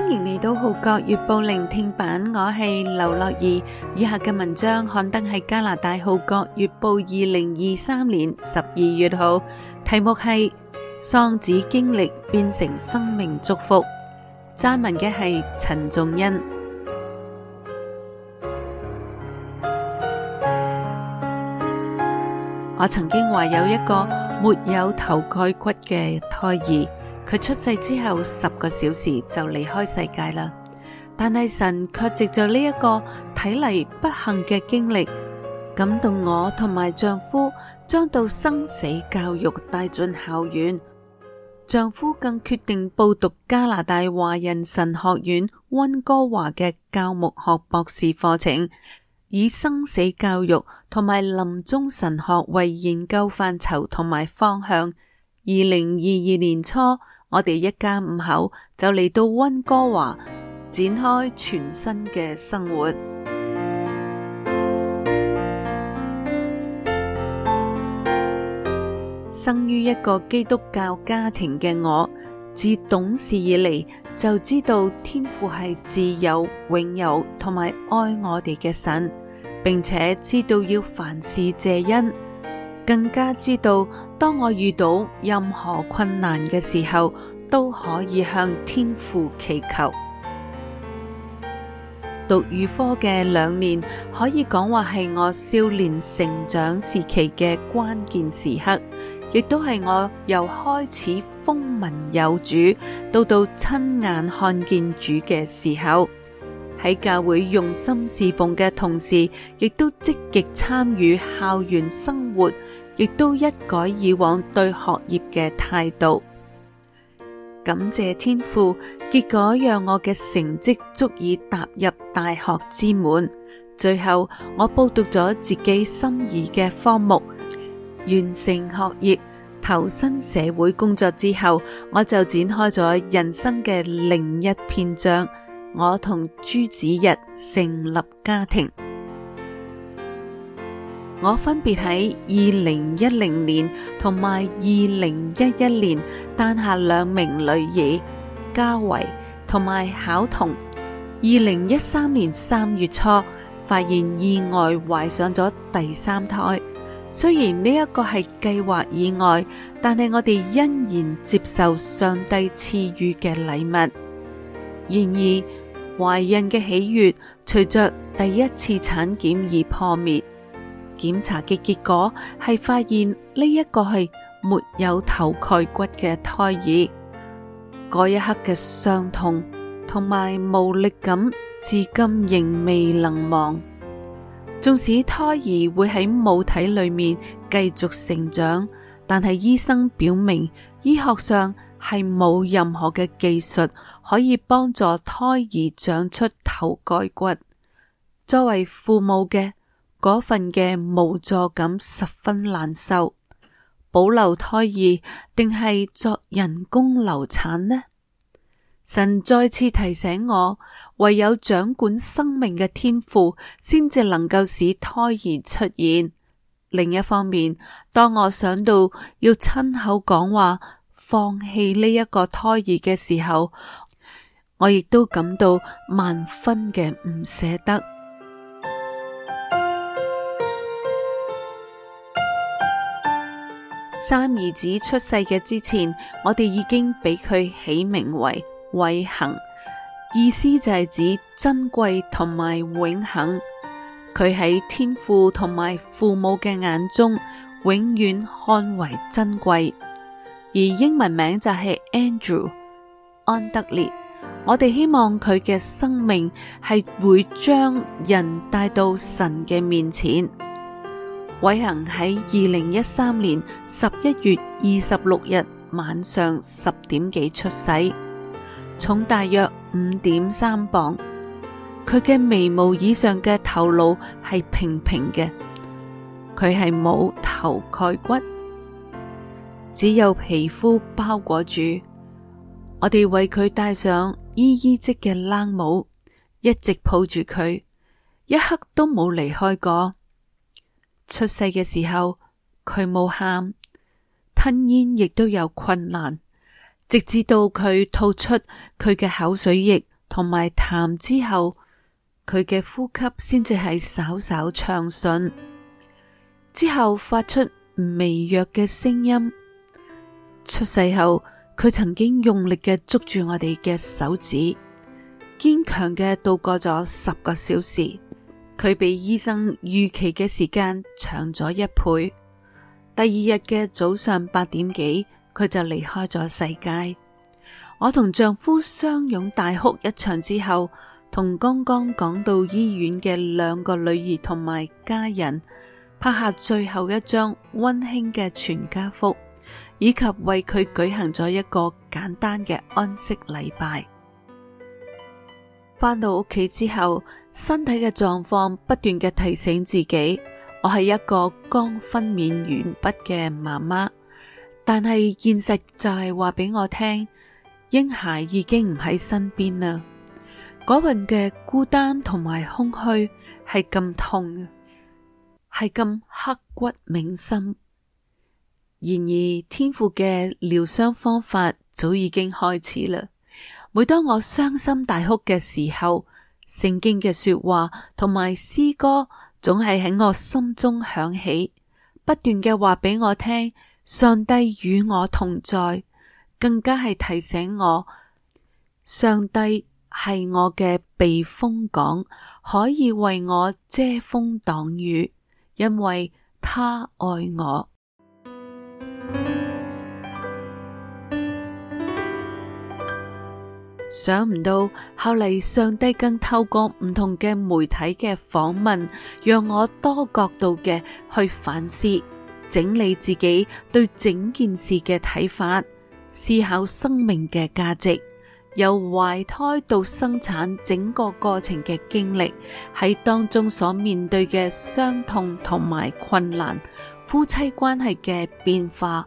歡迎嚟到《號角月報》聆聽版，我係劉樂兒。以下嘅文章刊登喺加拿大《號角月報》二零二三年十二月號，題目係《喪子經歷變成生命祝福》，撰文嘅係陳仲恩。我曾經話有一個沒有頭蓋骨嘅胎兒。佢出世之後十個小時就離開世界啦，但係神卻藉著呢、這、一個睇嚟不幸嘅經歷，感動我同埋丈夫，將到生死教育帶進校園。丈夫更決定報讀加拿大華人神學院溫哥華嘅教牧學博士課程，以生死教育同埋臨終神學為研究範疇同埋方向。二零二二年初，我哋一家五口就嚟到溫哥華展開全新嘅生活。生於一個基督教家庭嘅我，自懂事以嚟就知道天父係自有、永有，同埋愛我哋嘅神，並且知道要凡事謝恩。更加知道，當我遇到任何困難嘅時候，都可以向天父祈求。讀預科嘅兩年，可以講話係我少年成長時期嘅關鍵時刻，亦都係我由開始風聞有主，到到親眼看見主嘅時候。喺教會用心侍奉嘅同時，亦都積極參與校園生活。亦都一改以往對學業嘅態度，感謝天父，結果讓我嘅成績足以踏入大學之門。最後，我報讀咗自己心儀嘅科目，完成學業，投身社會工作之後，我就展開咗人生嘅另一篇章。我同朱子日成立家庭。我分別喺二零一零年同埋二零一一年誕下兩名女兒嘉維同埋巧彤。二零一三年三月初，發現意外懷上咗第三胎。雖然呢一個係計劃意外，但係我哋欣然接受上帝賜予嘅禮物。然而，懷孕嘅喜悅隨着第一次產檢而破滅。檢查嘅結果係發現呢一個係沒有頭蓋骨嘅胎兒。嗰一刻嘅傷痛同埋無力感至今仍未能忘。縱使胎兒會喺母體裏面繼續成長，但係醫生表明，醫學上係冇任何嘅技術可以幫助胎兒長出頭蓋骨。作為父母嘅。嗰份嘅無助感十分難受，保留胎兒定係作人工流產呢？神再次提醒我，唯有掌管生命嘅天父，先至能夠使胎兒出現。另一方面，當我想到要親口講話放棄呢一個胎兒嘅時候，我亦都感到萬分嘅唔捨得。三兒子出世嘅之前，我哋已經俾佢起名為衛恒，意思就係指珍貴同埋永恒。佢喺天父同埋父母嘅眼中，永遠看為珍貴。而英文名就係 Andrew 安德烈。我哋希望佢嘅生命係會將人帶到神嘅面前。偉恒喺二零一三年十一月二十六日晚上十點幾出世，重大約五點三磅。佢嘅眉毛以上嘅頭顱係平平嘅，佢係冇頭蓋骨，只有皮膚包裹住。我哋為佢戴上姨姨織嘅冷帽，一直抱住佢，一刻都冇離開過。出世嘅時候，佢冇喊，吞嚥亦都有困難。直至到佢吐出佢嘅口水液同埋痰之後，佢嘅呼吸先至係稍稍暢順。之後發出微弱嘅聲音。出世後，佢曾經用力嘅捉住我哋嘅手指，堅強嘅度過咗十個小時。佢比醫生預期嘅時間長咗一倍。第二日嘅早上八點幾，佢就離開咗世界。我同丈夫相擁大哭一場之後，同剛剛趕到醫院嘅兩個女兒同埋家人，拍下最後一張溫馨嘅全家福，以及為佢舉行咗一個簡單嘅安息禮拜。翻到屋企之後，身體嘅狀況不斷嘅提醒自己，我係一個剛分娩完畢嘅媽媽，但係現實就係話俾我聽，嬰孩已經唔喺身邊啦。嗰份嘅孤單同埋空虛係咁痛，係咁刻骨銘心。然而天父嘅療傷方法早已經開始啦。每當我傷心大哭嘅時候。聖經嘅說話同埋詩歌，總係喺我心中響起，不斷嘅話俾我聽，上帝與我同在，更加係提醒我，上帝係我嘅避風港，可以為我遮風擋雨，因為他愛我。想唔到後嚟，上帝更透過唔同嘅媒體嘅訪問，讓我多角度嘅去反思、整理自己對整件事嘅睇法，思考生命嘅價值。由懷胎到生產整個過程嘅經歷，喺當中所面對嘅傷痛同埋困難，夫妻關係嘅變化。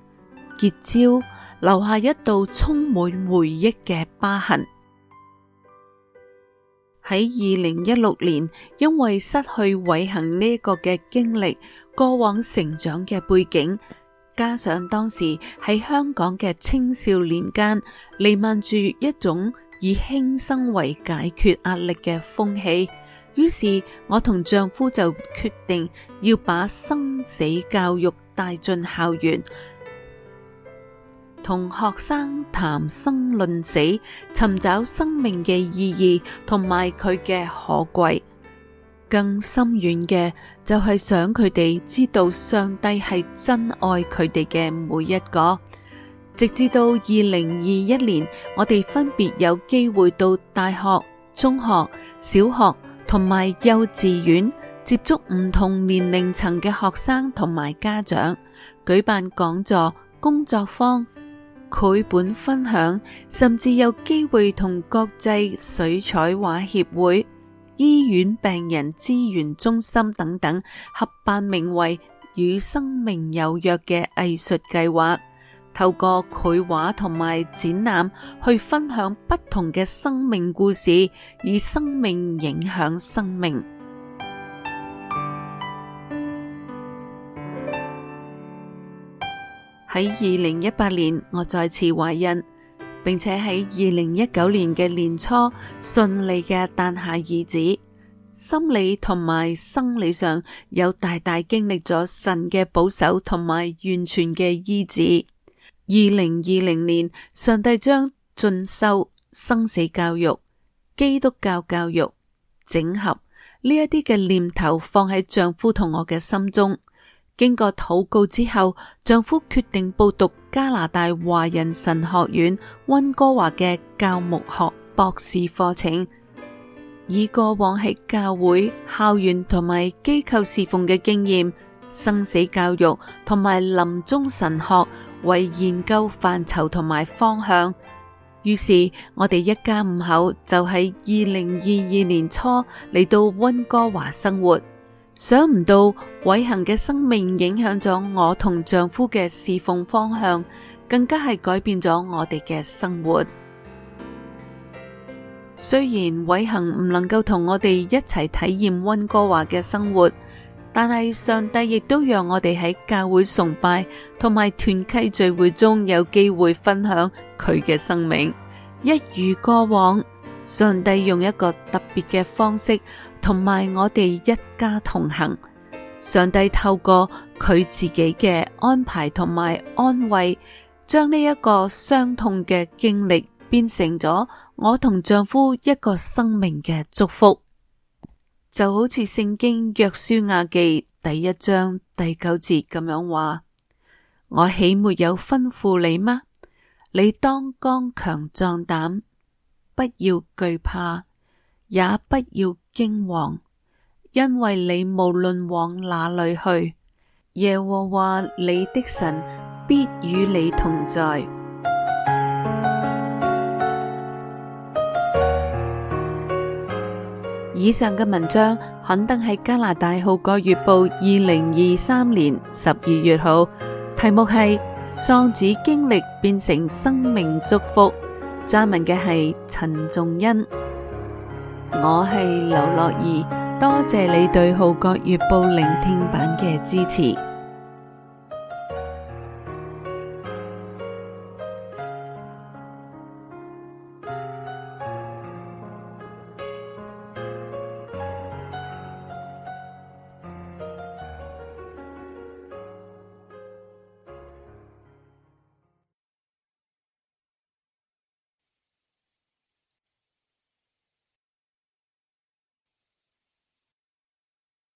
結痂留下一道充滿回憶嘅疤痕。喺二零一六年，因為失去偉行呢一個嘅經歷，過往成長嘅背景，加上當時喺香港嘅青少年間彌漫住一種以輕生為解決壓力嘅風氣，於是我同丈夫就決定要把生死教育帶進校園。同學生談生論死，尋找生命嘅意義同埋佢嘅可貴。更深遠嘅就係、是、想佢哋知道上帝係真愛佢哋嘅每一個。直至到二零二一年，我哋分別有機會到大學、中學、小學同埋幼稚園接觸唔同年齡層嘅學生同埋家長，舉辦講座、工作坊。佢繪本分享，甚至有機會同國際水彩畫協會、醫院病人資源中心等等合辦名為《與生命有約》嘅藝術計劃，透過繪畫同埋展覽去分享不同嘅生命故事，以生命影響生命。喺二零一八年，我再次懷孕，並且喺二零一九年嘅年初，順利嘅誕下兒子，心理同埋生理上有大大經歷咗神嘅保守同埋完全嘅醫治。二零二零年，上帝將進修生死教育、基督教教育整合，呢一啲嘅念頭放喺丈夫同我嘅心中。經過禱告之後，丈夫決定報讀加拿大華人神學院溫哥華嘅教牧學博士課程，以過往喺教會、校園同埋機構侍奉嘅經驗、生死教育同埋臨終神學為研究範疇同埋方向。於是，我哋一家五口就喺二零二二年初嚟到溫哥華生活。想唔到偉恆嘅生命影響咗我同丈夫嘅侍奉方向，更加係改變咗我哋嘅生活。雖然偉恆唔能夠同我哋一齊體驗溫哥華嘅生活，但係上帝亦都讓我哋喺教會崇拜同埋團契聚會中有機會分享佢嘅生命。一如過往，上帝用一個特別嘅方式，同埋我哋一家同行，上帝透過佢自己嘅安排同埋安慰，將呢一個傷痛嘅經歷變成咗我同丈夫一個生命嘅祝福。就好似聖經約書亞記第一章第九節咁樣話：我豈沒有吩咐你嗎？你當剛強壯膽，不要懼怕。也不要驚惶，因為你無論往哪裏去，耶和華你的神必與你同在。以上嘅文章肯定係加拿大《號角月報》二零二三年十二月號，題目係喪子經歷變成生命祝福。撰文嘅係陳仲恩。我係劉樂儀，多謝你對《號角月報》聆聽版嘅支持。